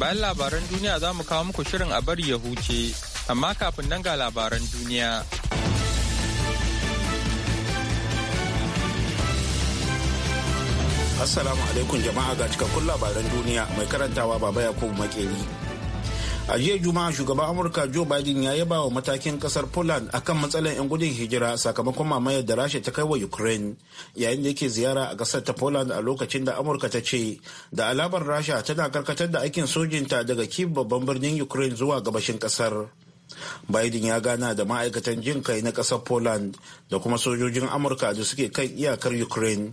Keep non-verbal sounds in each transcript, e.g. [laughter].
Bayan labaran duniya za mu kawo muku shirin a bari ya huce, amma kafin nan ga labaran duniya. Assalamu alaikum jama'a ga cikakkun labaran duniya mai karantawa baba Yakubu Makeri. a jiya juma'a shugaban amurka joe biden ya yaba wa matakin kasar poland akan matsalar 'yan gudun hijira sakamakon mamayar da rasha ta kai wa ukraine yayin da yake ziyara a kasar ta poland a lokacin da amurka ta ce da alamar rasha tana karkatar da aikin sojinta daga kif babban birnin ukraine zuwa gabashin kasar biden ya gana da ma'aikatan jin kai na kasar poland da kuma sojojin amurka da suke kan iyakar ukraine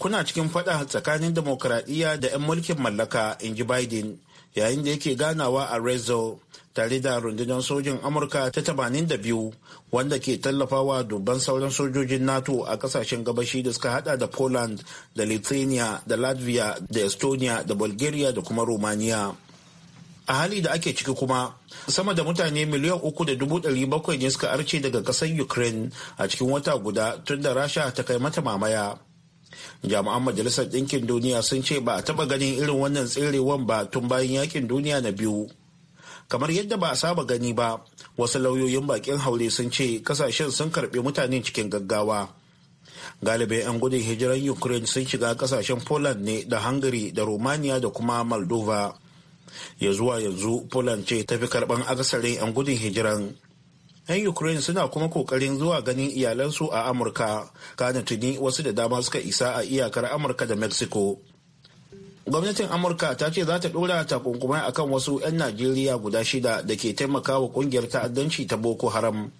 kuna cikin fada tsakanin demokradiyya da 'yan mulkin mallaka in ji biden yayin da yake ganawa a rezo tare da rundunar sojin amurka ta 82 wanda ke tallafawa dubban sauran sojojin nato a kasashen gabashi da suka hada da poland da lithuania da latvia da estonia da bulgaria da kuma romania a hali da ake ciki kuma sama da mutane miliyan uku da dubu ɗari bakwai ne suka arce daga ƙasar ukraine a cikin wata guda tun da rasha ta kai mata mamaya jami'an majalisar ɗinkin duniya sun ce ba a taɓa ganin irin wannan tserewan ba tun bayan yakin duniya na biyu kamar yadda ba a saba gani ba wasu lauyoyin bakin haure sun ce kasashen sun karɓi mutanen cikin gaggawa galibai 'yan gudun hijiran ukraine sun shiga kasashen poland ne da hungary da romania da kuma moldova ya zuwa yanzu poland ce tafi karɓan akasarin 'yan gudun hijiran 'yan ukraine suna kuma kokarin zuwa ganin iyalansu a amurka kana tuni wasu da dama suka isa a iyakar amurka da mexico gwamnatin amurka ta ce za ta dora takunkumai akan wasu 'yan najeriya guda shida da ke taimakawa kungiyar ta'addanci ta boko haram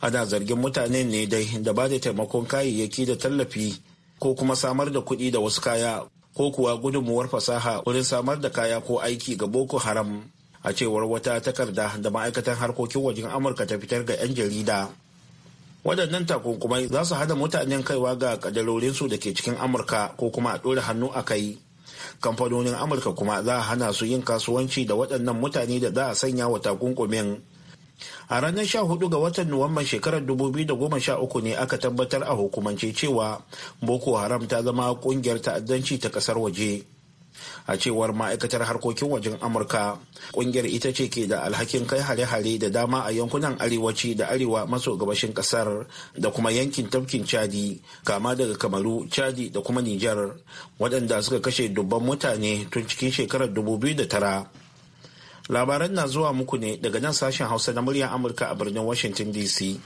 ana zargin mutanen ne dai da ba da taimakon kayayyaki da tallafi ko kuma samar da kuɗi da wasu kaya ko kuwa gudunmuwar fasaha wurin samar da kaya ko aiki ga boko haram a cewar wata takarda da ma'aikatan harkokin wajen amurka ta fitar ga 'yan jarida waɗannan takunkumai za su hada mutanen kaiwa ga su da ke cikin amurka ko kuma a ɗora hannu a kai kamfanonin amurka kuma za a hana su yin kasuwanci da waɗannan mutane da za a sanya wa takunkumin a ranar 14 ga watan nuwamban shekarar 2013 ne aka tabbatar a hukumance cewa boko haram ta zama ƙungiyar ta'addanci ta kasar waje a cewar ma'aikatar harkokin wajen amurka kungiyar ita ce ke da alhakin kai hare-hare da dama a yankunan arewaci da arewa maso gabashin kasar da kuma yankin tafkin chadi kama daga kamaru chadi da kuma nijar waɗanda suka kashe dubban mutane tun cikin shekarar 2009 labaran na zuwa muku ne daga nan sashen hausa na muryar amurka a birnin washington dc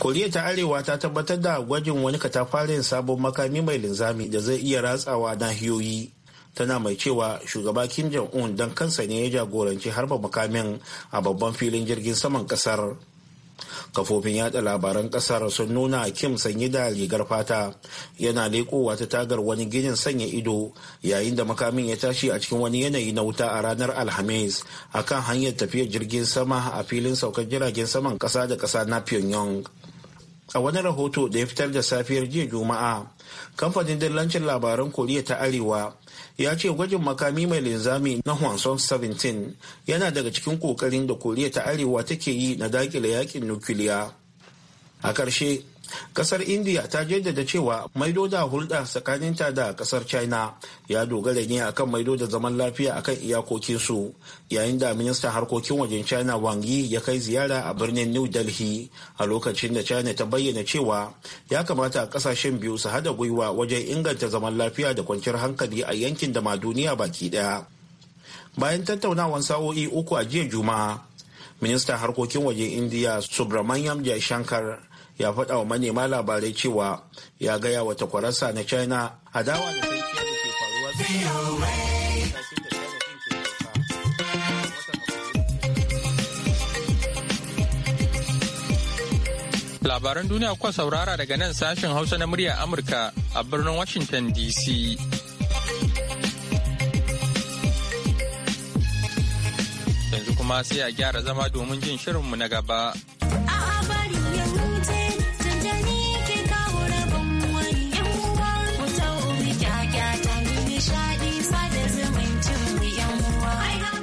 koriya ta arewa ta tabbatar da gwajin wani katafaren sabon makami mai linzami da zai iya ratsawa nahiyoyi tana mai cewa shugaba kim jong-un don kansa ne ya jagoranci harba makamin a babban filin jirgin saman kasar kafofin yada labaran kasar sun nuna kim sanyi da rigar fata yana lekowa ta tagar wani ginin sanya ido yayin da makamin ya tashi a cikin wani yanayi na wuta a ranar alhamis akan hanyar tafiyar jirgin sama a filin saukar jiragen saman kasa da kasa na pyongyang a wani rahoto da ya fitar da safiyar jiya juma'a kamfanin dillancin labaran koriya ta arewa ya ce gwajin makami mai linzami na hwanson 17 yana daga cikin kokarin da koriya ta arewa take yi na dakile yakin nukiliya a ƙarshe kasar india ta jaddada cewa maido da hulɗa tsakaninta da kasar china ya dogara ne akan maido da zaman lafiya a akan iyakokinsu yayin da ministan harkokin wajen china wang yi ya kai ziyara a birnin new delhi a lokacin da china ta bayyana cewa ya kamata kasashen biyu su hada gwiwa wajen inganta zaman lafiya da kwanciyar hankali a yankin da ma duniya baki daya bayan tattaunawan sa'o'i uku a jiya juma'a ministan harkokin waje indiya subramanyam jai shankar ya faɗa wa manema labarai cewa ya gaya wa takwararsa na china a da da ke labaran duniya kuwa saurara daga nan sashen hausa na murya amurka a birnin washington dc yanzu kuma sai a gyara zama domin jin shirinmu na gaba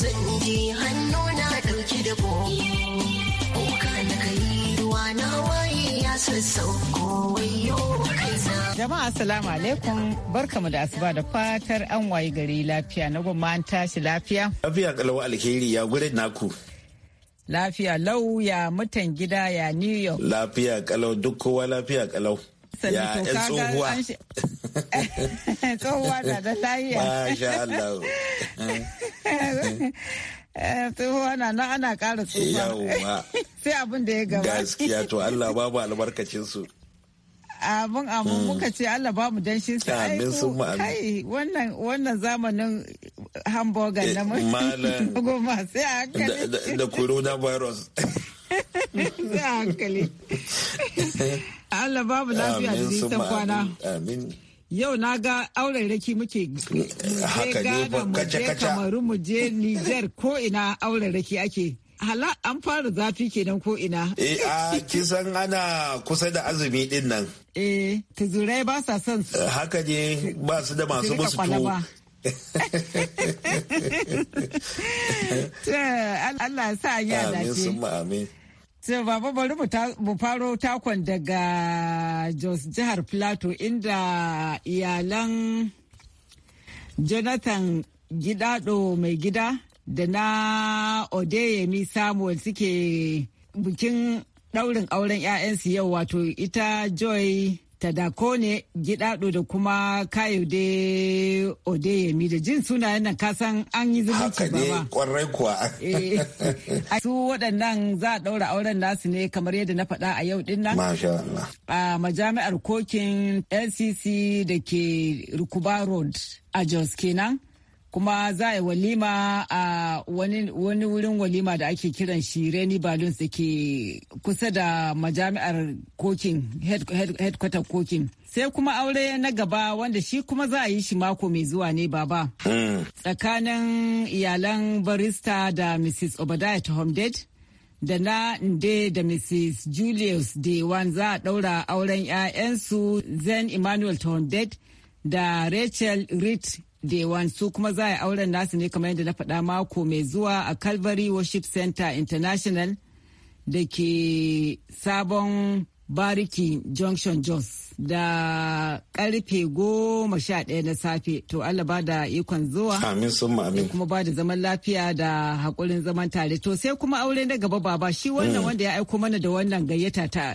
zan je hannu na ɗauki da ko kuka na kai ruwa na waye ya sassauko wayo jama'a salamu alaikum barkamu da asuba da fatar an wayi gari lafiya na gwamma an tashi lafiya lafiya kalawa alheri ya gure naku lafiya lau ya mutan gida ya new york lafiya kalau duk kowa lafiya kalau ya yan tsohuwa Tsohuwa [laughs] na da lahiya. Masha Allah. Eh, Tsohuwa na nan ana ƙara tsufa. Yawwa. [laughs] Sai abin da ya gaba. Gaskiya to Allah babu albarkacin su. abin abin hmm. muka ce Allah ba mu danshin sa amin sun mu wannan wannan zamanin hamburger eh, na [laughs] mu goma sai a hankali da corona virus sai a hankali Allah babu lafiya da nisan kwana amin yau na ga auren raki muke je mu je Kamaru mu je Niger ko ina auren raki ake hala an fara zafi kenan ko ina eh a kisan ana kusa da azumi din nan eh tuzurai ba sa son haka ne ba su da masu musu [laughs] [laughs] to Allah sa ya dace. Amin, amin. sai baba bari mu faro takon daga jos jihar plateau inda iyalan jonathan gidado mai gida da na odeyemi samuel suke bikin daurin auren 'ya'yansu yau wato ita joy Tadakone Gidado da kuma Kayode Odeyemi da jin suna yana kasan an yi zumunci ba ba. kwarai kuwa. Eh, su waɗannan za a ɗaura auren nasu ne kamar yadda na faɗa a yau ɗin nan. A majami'ar kokin LCC da ke Rukuba Road a Jos kenan. kuma za a yi walima a wani wurin walima da ake kiran shi reni balloons da ke kusa da majami'ar kokin headquarter kokin sai kuma aure na gaba wanda shi kuma za a yi shi mako mai zuwa ne baba hmm. tsakanin iyalan barista da mrs obadiah Homdade da na nde da mrs julius dewan za a daura auren 'ya'yansu zen emmanuel Homdade da rachel reed Day One su kuma za a yi auren nasu ne kamar yadda na faɗa mako mai zuwa a Calvary Worship Center International da ke sabon bariki Junction Jones da karfe goma sha ɗaya na safe to Allah ba da ikon zuwa. Kuma ba da zaman lafiya da haƙurin zaman tare to sai kuma aure na gaba baba shi wannan mm. wanda ya aiko mana da wannan gayyata ta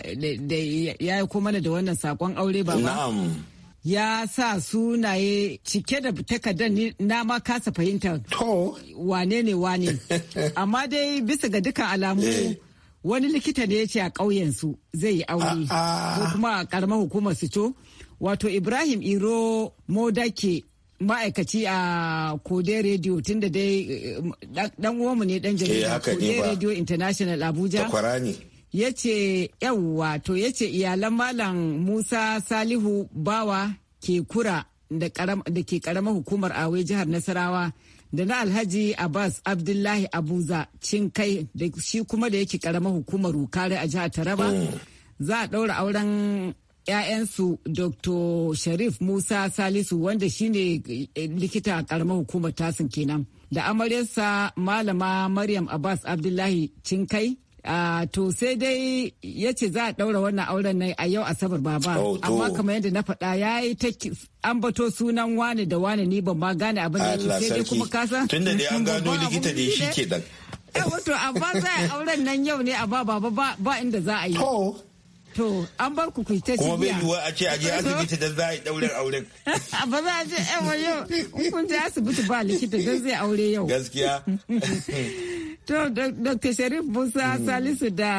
ya aiko mana da wannan saƙon aure baba. Na'am. ya sa sunaye cike da takardar na ma kasa fahimta wane ne wane [laughs] amma dai bisa ga dukkan alamu eh. wani likita ne ya ce a ƙauyensu zai yi aure ah, ah. ko kuma a ƙaramar hukumar su to wato ibrahim iro modake ma'aikaci a kode radio tun da dai eh, dan uwanmu ne dan eh, jarida kode radio international abuja ya ce yawwa to ya ce iyalan malam musa salihu bawa ke kura da ke karamar hukumar awe jihar nasarawa da na alhaji abbas abdullahi abuza cin kai da shi kuma da yake karamar hukumar rukare a jihar taraba oh. za a ɗaura auren 'ya'yansu dr sharif musa salisu wanda shine eh, likita a karamar hukumar tasin kenan da amaryarsa malama maryam abbas abdullahi cinkai Ah, to sai dai ya ce za a ɗaura wannan auren nan a yau asabar baba oh, amma kamar yadda na faɗa ya yi ta ambato sunan wane da wani ni ban ma gane abin da yake sai dai kuma kasa tunda dai an gano likita ne shi ke dan eh, wato amma za a auren nan yau ne a ba baba ba inda za a yi To, an bar ku kuita ta Kuma bai yiwuwa a ce a je [laughs] asibiti da za a yi ɗaurin auren. [laughs] Ba za a je eh, yau kun je asibiti ba likita don zai aure yau. Gaskiya. [laughs] To, Dr. Sharif Musa hmm. Salisu da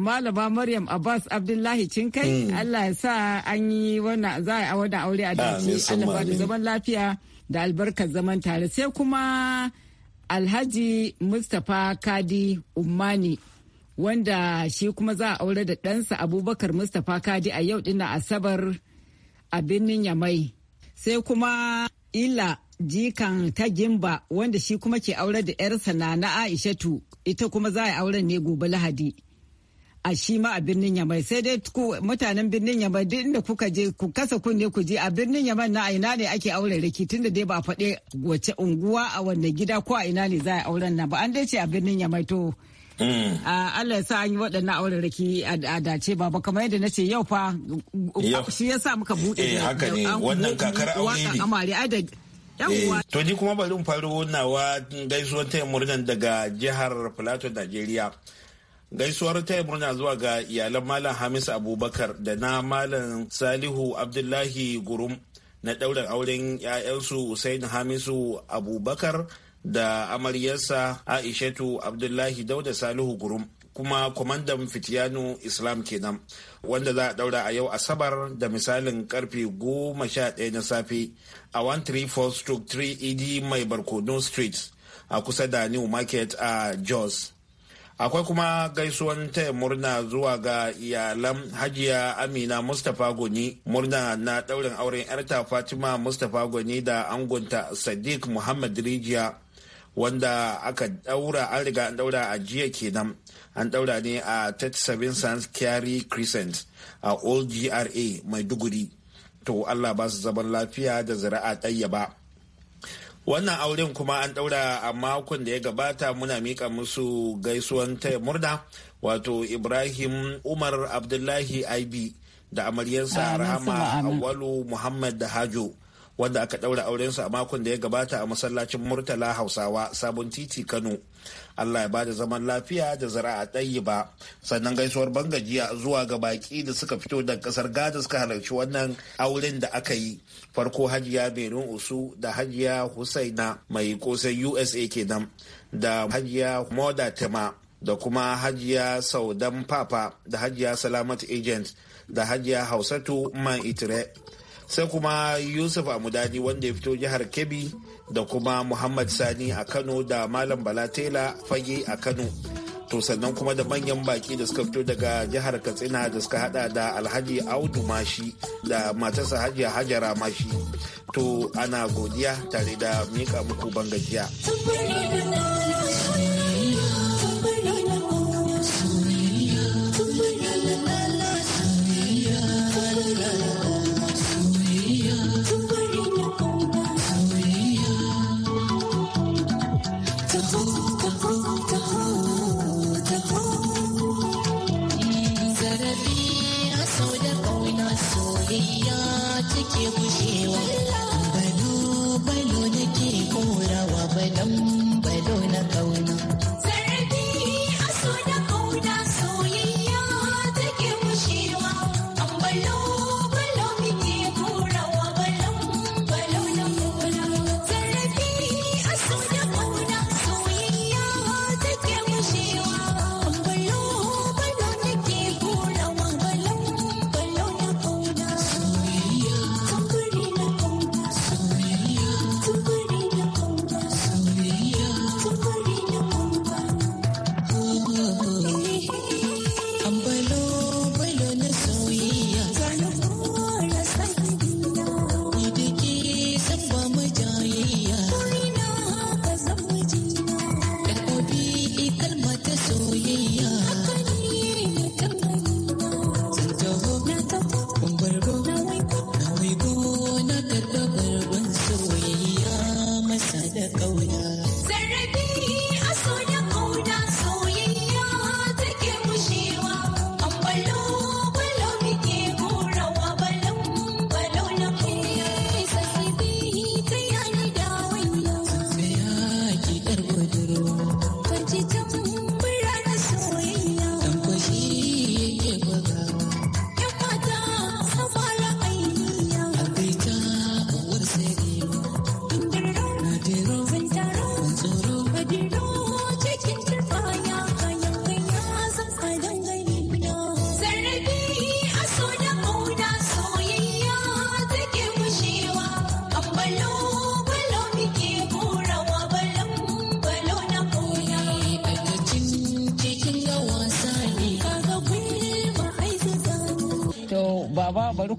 Malama Maryam Abbas Abdullahi Cinkai, hmm. Allah ya sa an yi wannan za a wani aure a daji Allah da zaman lafiya da albarkar zaman tare. Sai kuma Alhaji Mustapha Kadi Ummani. wanda shi kuma za a aure da ɗansa abubakar mustapha kadi a yau dinnan asabar a birnin yamai sai kuma ila jikan ta gimba wanda shi kuma ke aure da 'yarsa na na aishatu ita kuma za a auren ne gobe lahadi a shi ma a birnin yamai sai dai ku mutanen birnin yamai duk inda kuka je ku kasa kunne ku je a birnin yamai na ina ne ake aure riki tunda dai ba a faɗe wace unguwa a wanne gida ko a ina ne za a auren nan ba an dai a birnin yamai to hmm. Allah ya sa an yi waɗannan auren raki a dace ba ba kamar yadda na ce yau fa shi ya sa muka buɗe. Eh haka ne wannan kakar aure ne. Eh, to ni kuma bari mu faru nawa gaisuwar taya murnan daga jihar Plateau, Najeriya. Gaisuwar taya murna zuwa ga iyalan Malam Hamisu Abubakar da na Malam Salihu Abdullahi Gurum na ɗaurin auren 'ya'yansu Usain Hamisu Abubakar da amaryarsa Aishatu Abdullahi Dauda Salihu Gurum. kuma kwamandan fitiyanu islam kenan wanda za a daura a yau asabar da misalin karfe goma sha ɗaya na safe a 134-3 ed mai barkono street a kusa da new market a jos akwai kuma gaisuwan taya murna zuwa ga iyalan hajiya amina mustapha goni murna na daurin auren yarta fatima mustapha goni da angonta sadiq muhammad rijiya wanda aka daura an riga an daura a jiya kenan an daura ne a 37 sans carry crescent a old gra mai duguri to allah ba su zaman lafiya da zira'a ɗayya ba wannan auren kuma an daura a makon da ya gabata muna mika musu gaisuwan ta murna wato ibrahim umar abdullahi ib da amaryarsa rahama awalu muhammad da hajo wanda aka ɗaura aurensa a makon da ya gabata a masallacin murtala hausawa sabon titi kano allah ya bada zaman lafiya da zara'a ɗayi ba sannan gaisuwar ban gajiya zuwa ga baki da suka fito daga ƙasar gada suka halarci wannan auren da aka yi farko hajiya berin usu da hajiya husaina mai kosai usa kenan da hajiya moda tema da kuma hajiya saudan papa da hajiya salamat agent da hajiya hausatu man itire sai kuma yusuf amudani wanda ya fito jihar kebbi da kuma muhammad sani a kano da malam bala tela fage a kano to sannan kuma da manyan baki da suka fito daga jihar katsina da suka hada da alhaji audu mashi da matarsa hajiya hajara mashi to ana godiya tare da mika muku bangajiya. Hello.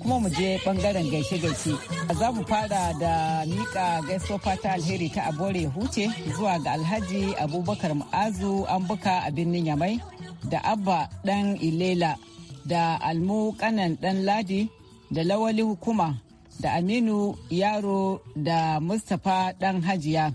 kuma mu je bangaren gaishe-gaishe. Za mu fara da mika gaisofa ta alheri ta abore huce zuwa ga Alhaji Abubakar muazu an buka a birnin Yamai da Abba Dan Ilela da Almu Kanan Dan Ladi da Lawali Hukuma da Aminu Yaro da Mustapha Dan Hajiya.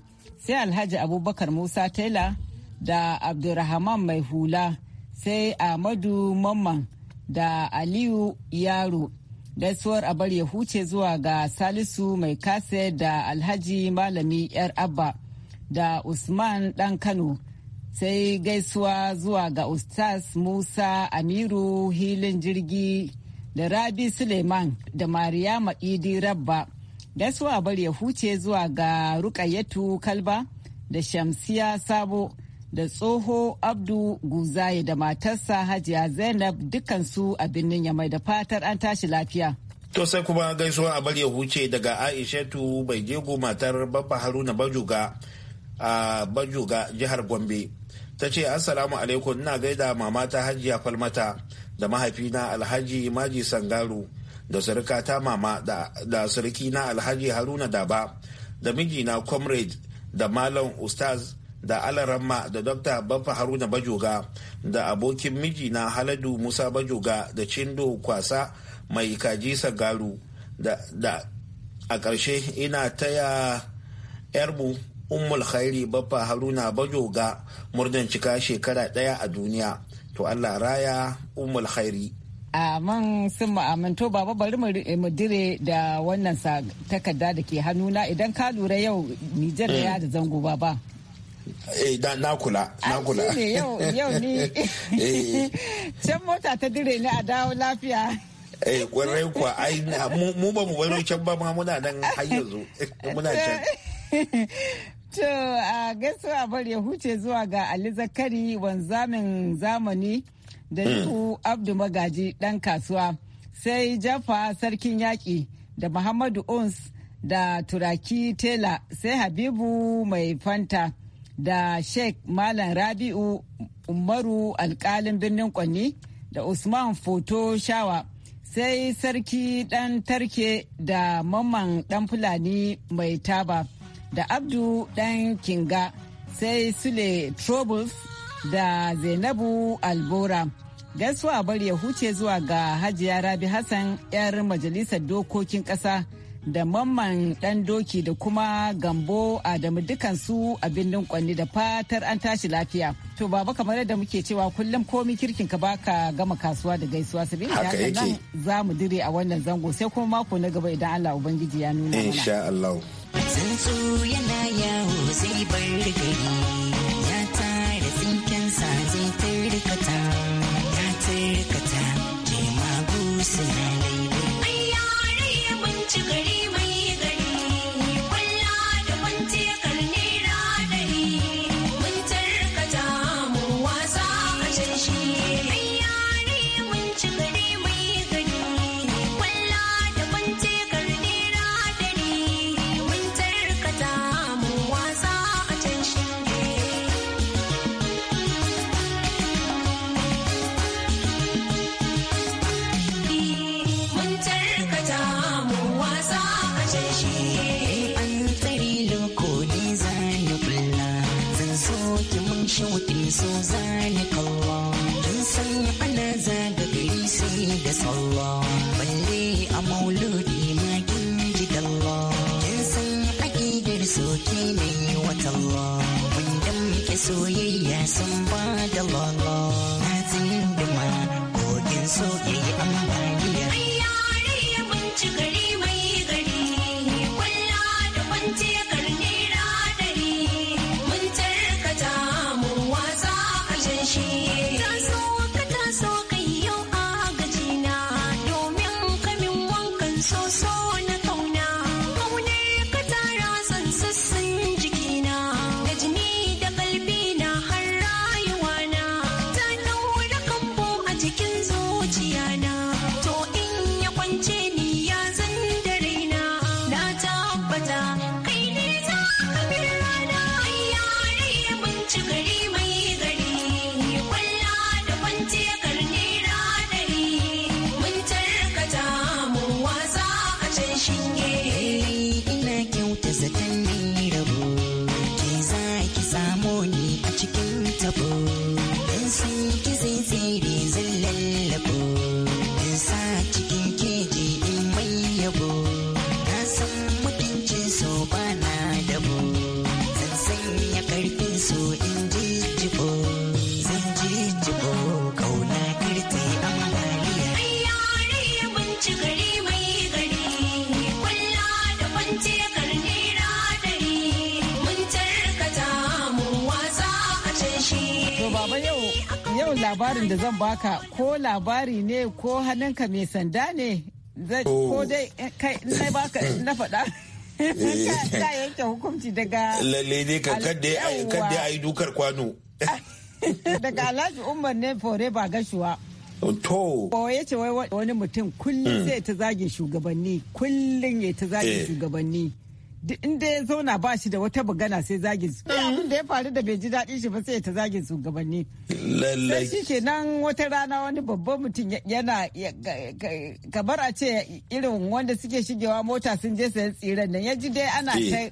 Sai Alhaji Abubakar Musa taila da abdurrahman Mai Hula sai Ahmadu Mamman da Aliyu Yaro. gaisuwar a bar ya huce zuwa ga salisu mai kase da alhaji malami yar abba da usman dan kano sai gaisuwa zuwa ga ustaz musa amiru hilin jirgi da rabi suleiman da mariya maidi rabba gaisuwa a bar ya huce zuwa ga Rukayetu kalba da shamsiya sabo da tsoho abdu guzaye da matarsa hajiya zainab dukansu a birnin yamai da fatar an tashi lafiya to sai kuma gaisuwa a bari ya huce daga aishatu bai jego matar babba haruna bajuga a bajuga jihar gombe ta ce assalamu alaikum ina gaida mamata hajiya falmata da mahaifina alhaji maji sangaru da surikata mama da surikina alhaji haruna daba da mijina comrade da malam ustaz da alaramma da dr bafa haruna bajoga da abokin miji na haladu musa bajoga da cindo kwasa mai kaji sagaru da, da a ƙarshe ina taya yarmu ummul khairi bafa haruna bajoga murnan cika shekara ɗaya a duniya to allah raya ummul khairi man sun ma'amanto baba bari mu dire da wannan takarda da ke hannuna idan ka lura yau nijar ya da zango ba. eh na kula na kula yau ni [laughs] eh. can mota ta dire ni a dawo lafiya eh kwarai kuwa ai mu ba mu baro can ba ma muna nan har yanzu [laughs] muna can [laughs] To a gaisuwa bar ya huce zuwa ga Ali Zakari wanzamin zamani da hmm. Nuhu Abdu Magaji dan kasuwa sai Jaffa Sarkin Yaƙi da Muhammadu Ons da Turaki Tela sai Habibu Mai Fanta da sheikh malam rabi'u umaru alkalin birnin kwanni da usman foto shawa sai sarki dan tarke da mamman dan fulani mai taba da abdu dan kinga sai sule troubles da zainabu albora gaisuwa bari ya huce zuwa ga hajiya rabi hassan 'yar majalisar dokokin ƙasa da mamman dan doki da kuma gambo adamu dukansu a birnin kwanni da fatar an tashi lafiya to baba kamar yadda muke cewa kullum komi kirkin ka baka gama kasuwa da gaisuwa sabili da nan za mu dire a wannan zango sai kuma mako na gaba idan Allah ubangiji ya nuna mana insha Allah yana yawo gari ya tare sa zai shuɗe so zane kallo kin sanya ana zaga gari sai da sallah balle a mauludi ma kin ji dalla sanya aƙidar soke ne watallo wanda muke soyayya sun ba da lala na tsinduma kogin soyayya zan baka ko labari ne ko hannunka mai sanda ne oh. ko dai kai na baka na faɗa eh. ka yanke hukunci daga lalle ne ka kadda ya yi dukar kwano daga alhaji umar ne fore ba gashuwa To. ya ce wani mutum kullum hmm. zai ta zagin shugabanni, kullum ya ta zagin eh. shugabanni. inda ya zauna ba shi da wata bugana sai zagin su. abin da ya faru da bai ji daɗin shi ba sai ta zagin su gabanni. Lallai. Sai shi nan wata rana wani babban mutum yana kamar a ce irin wanda suke shigewa mota sun je sayan tsiran nan ya ji dai ana ta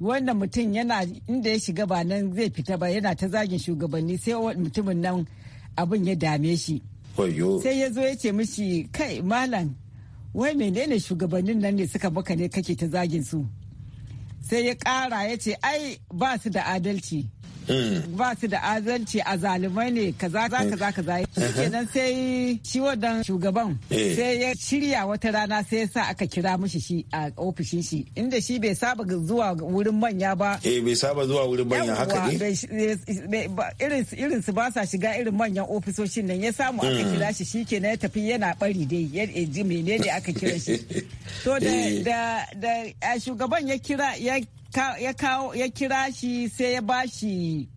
wannan mutum yana inda ya shiga ba nan zai fita ba yana ta zagin shugabanni sai mutumin nan abin ya dame shi. Sai ya zo ya ce mishi kai malam wai menene shugabannin nan ne suka baka ne kake ta zagin su. sai ya kara ya ce ai ba su da adalci Mm. ba su da azanci a zalimai ne kaza kaza kaza mm. kenan uh-huh. sai shi wadan shugaban eh. sai ya shirya wata rana sai ya sa aka kira mishi shi a ofishin shi inda shi bai saba zuwa wurin manya ba eh bai saba zuwa wurin manya haka ne irin su ba sa shiga irin manyan ofisoshin nan ya samu aka mm. kira shi shi kenan ya tafi yana bari dai ya ji menene aka kira shi [laughs] to da eh. shugaban ya kira ya ya kawo ya kira shi sai ya bashi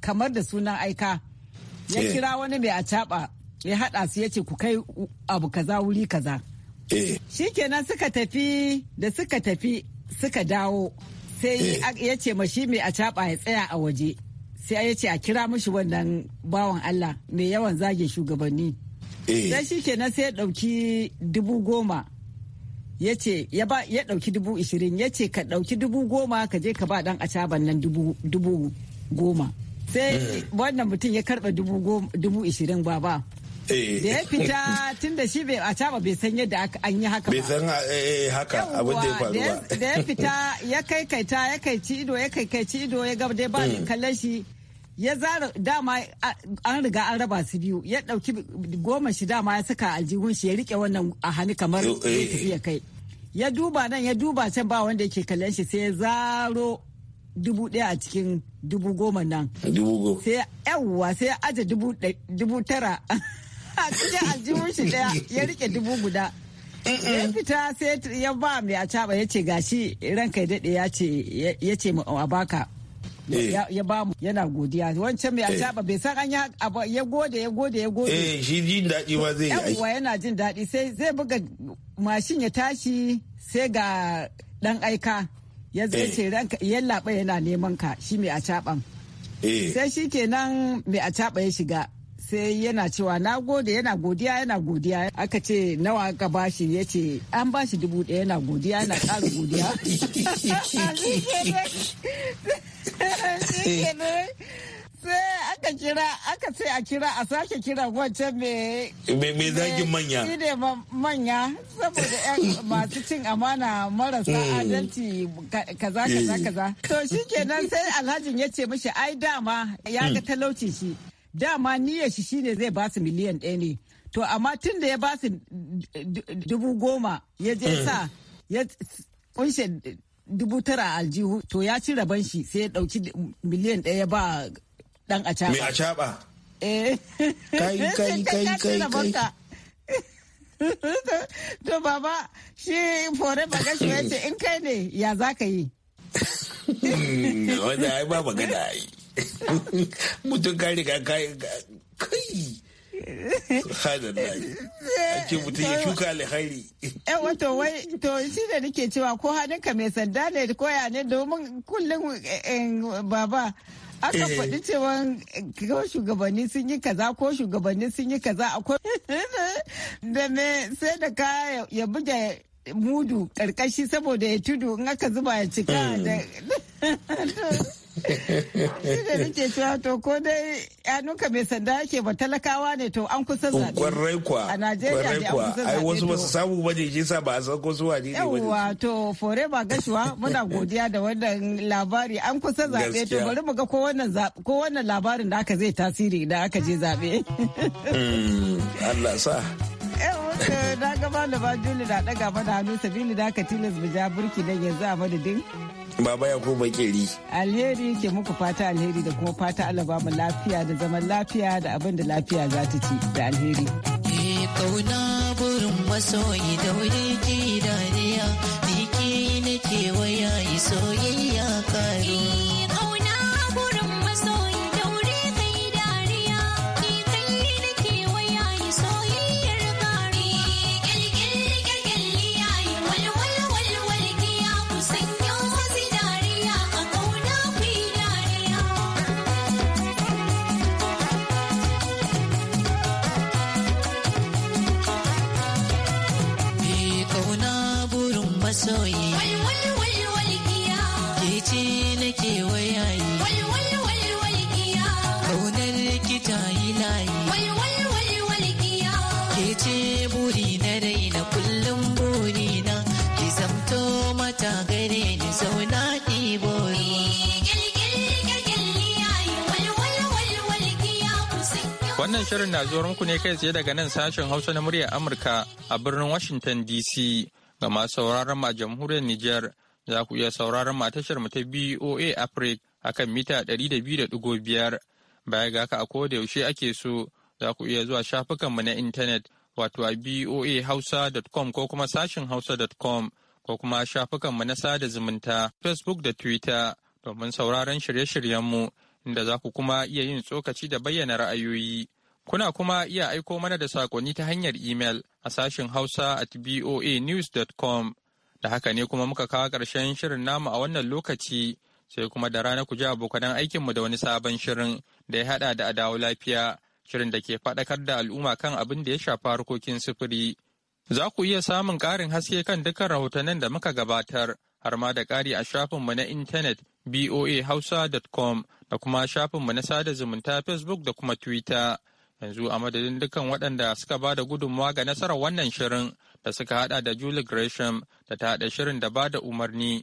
kamar da sunan aika ya eh. kira wani mai a caba ya haɗa su ya ce ku kai abu kaza wuri kaza eh. shikenan suka tafi da suka tafi suka dawo sai eh. ya ce mashi mai a caba ya tsaya a waje sai ya ce a kira mashi wannan bawan Allah mai yawan zage shugabanni sai shikenan sai ya dauki dubu goma ya ce ya ba ya dauki dubu ishirin ya ce ka dauki dubu goma ka je ka ba a caban nan dubu goma sai eh. wannan mutum ya karba dubu ishirin ba ba eh. da ya fita tun da shi a caba bai san yadda an yi haka ba. Bai san eh, haka abin da ya faru ba. Da ya fita ya kai kaita ya kai ci ido ya kai kai ci ido ya gaba dai ba hmm. kallon shi. ya zara dama an riga an raba su biyu ya dauki goma shi dama ya saka aljihun shi ya rike wannan a hannu kamar eh. ya kai ya duba nan ya duba can ba wanda yake kallon shi sai ya zaro dubu daya a cikin dubu goma nan sai yawwa sai ya aje dubu tara [laughs] a cikin aljihun shi daya ya rike dubu guda ya fita sai ya ba mai a caba ya ce gashi ranka ya daɗe ya ce a baka ya eh. ba mu yana godiya wancan mai eh. ajaba bai san an ya gode ya gode ya gode eh shi jin daɗi ma zai yi yawa yana jin daɗi sai zai buga mashin ya tashi sai ga dan aika ya zai eh. ce ranka ba yana neman ka shi mai acaban sai shi kenan mai acaba ya shiga sai yana cewa na gode yana godiya yana godiya aka ce nawa ka bashi ya ce an bashi dubu daya yana godiya yana ƙara godiya [laughs] [laughs] Eh. sai aka kira aka ce a kira a sake kira wancan mai me zagin manya shi ne manya saboda yan [laughs] masu cin amana marasa mm. adalci kaza kaza eh. kaza to shikenan sai alhajin ya ce mishi ai dama ya ga mm. talauci shi dama niyyar shi shine zai ba su miliyan ɗaya ne to amma tun da ya ba su dubu goma ya je mm. sa ya kunshe dubu tara a aljihu to ya ci rabon shi sai ya ɗauki miliyan ɗaya ba ɗan a caɓa. Me a caɓa. Eh. Kai [laughs] kai kai kai kai. [laughs] To baba shi fore baga ya ce in kai ne ya za ka yi. Hmm, wanda ai ba magana ai. [laughs] Mutum ka riga kai. ake mutum ya shuka alhairi yan eh, wato wai to shi da nake cewa ko hannunka mai sanda ne ko ya ne domin kullum eh, eh, baba aka faɗi cewa ko shugabanni sun yi kaza ko shugabanni sun yi kaza akwai [laughs] da me sai da ka ya buga mudu karkashi saboda ya tudu in aka zuba ya cika hmm. da [laughs] Shi da nake cewa to ko dai nuka mai sanda yake ba talakawa ne to an kusa zaɓe. Mm, kwarai kuwa. A Najeriya ne an kusa zaɓe. Ai wasu ba su samu ba ne shi sa ba a san ko su wani ne. Yawwa to fore ba gashuwa muna godiya da wannan labari an kusa zaɓe to bari mu ga ko wannan ko wannan labarin da aka zai tasiri idan aka je zaɓe. Mm, Allah sa. na gaba da ba juli na ɗaga mana hannu sabili da aka tilas bija ja burki na yanzu a madadin Baba Yakubu Bakeri. Alheri ke muku fata alheri da kuma fata Allah ba mu lafiya da zaman lafiya da abin da lafiya za ta ci da alheri. Ke kauna burin masoyi da wuri jahila wai wai ke ce buri na raina kullum buri na ki zamto mata gare ni zauna ɗibo eh, Wannan shirin na zuwar muku ne kai tsaye daga nan sashen Hausa na muryar Amurka a birnin Washington DC ga masu sauraron ma jamhuriyar Nijar za ku iya sauraron ma tashar mu ta BOA Africa akan mita 200.5 Baya ga haka a koda yaushe ake so za ku iya zuwa shafukanmu na intanet wato a boa hausa.com ko kuma sashin hausa.com ko kuma shafukanmu na sada zumunta Facebook da Twitter domin sauraron shirye-shiryenmu inda za ku kuma iya yin tsokaci da bayyana ra'ayoyi. Kuna kuma iya aiko mana da saƙonni ta hanyar imel a sashin hausa at boa news.com Da haka ne kuma muka kawo ƙarshen shirin namu a wannan lokaci. sai kuma da rana ku ji aikin mu da wani sabon shirin da ya haɗa da adawo lafiya shirin da ke faɗakar da al'umma kan abin da ya shafi harkokin sufuri. Za ku iya samun ƙarin haske kan dukkan rahotannin da muka gabatar har ma da ƙari a shafinmu na intanet boahausa.com da kuma shafinmu na sada zumunta Facebook da kuma Twitter. Yanzu a madadin dukkan waɗanda suka ba da gudunmawa ga nasarar wannan shirin da suka haɗa da Julie Gresham da ta haɗa shirin da ba da umarni.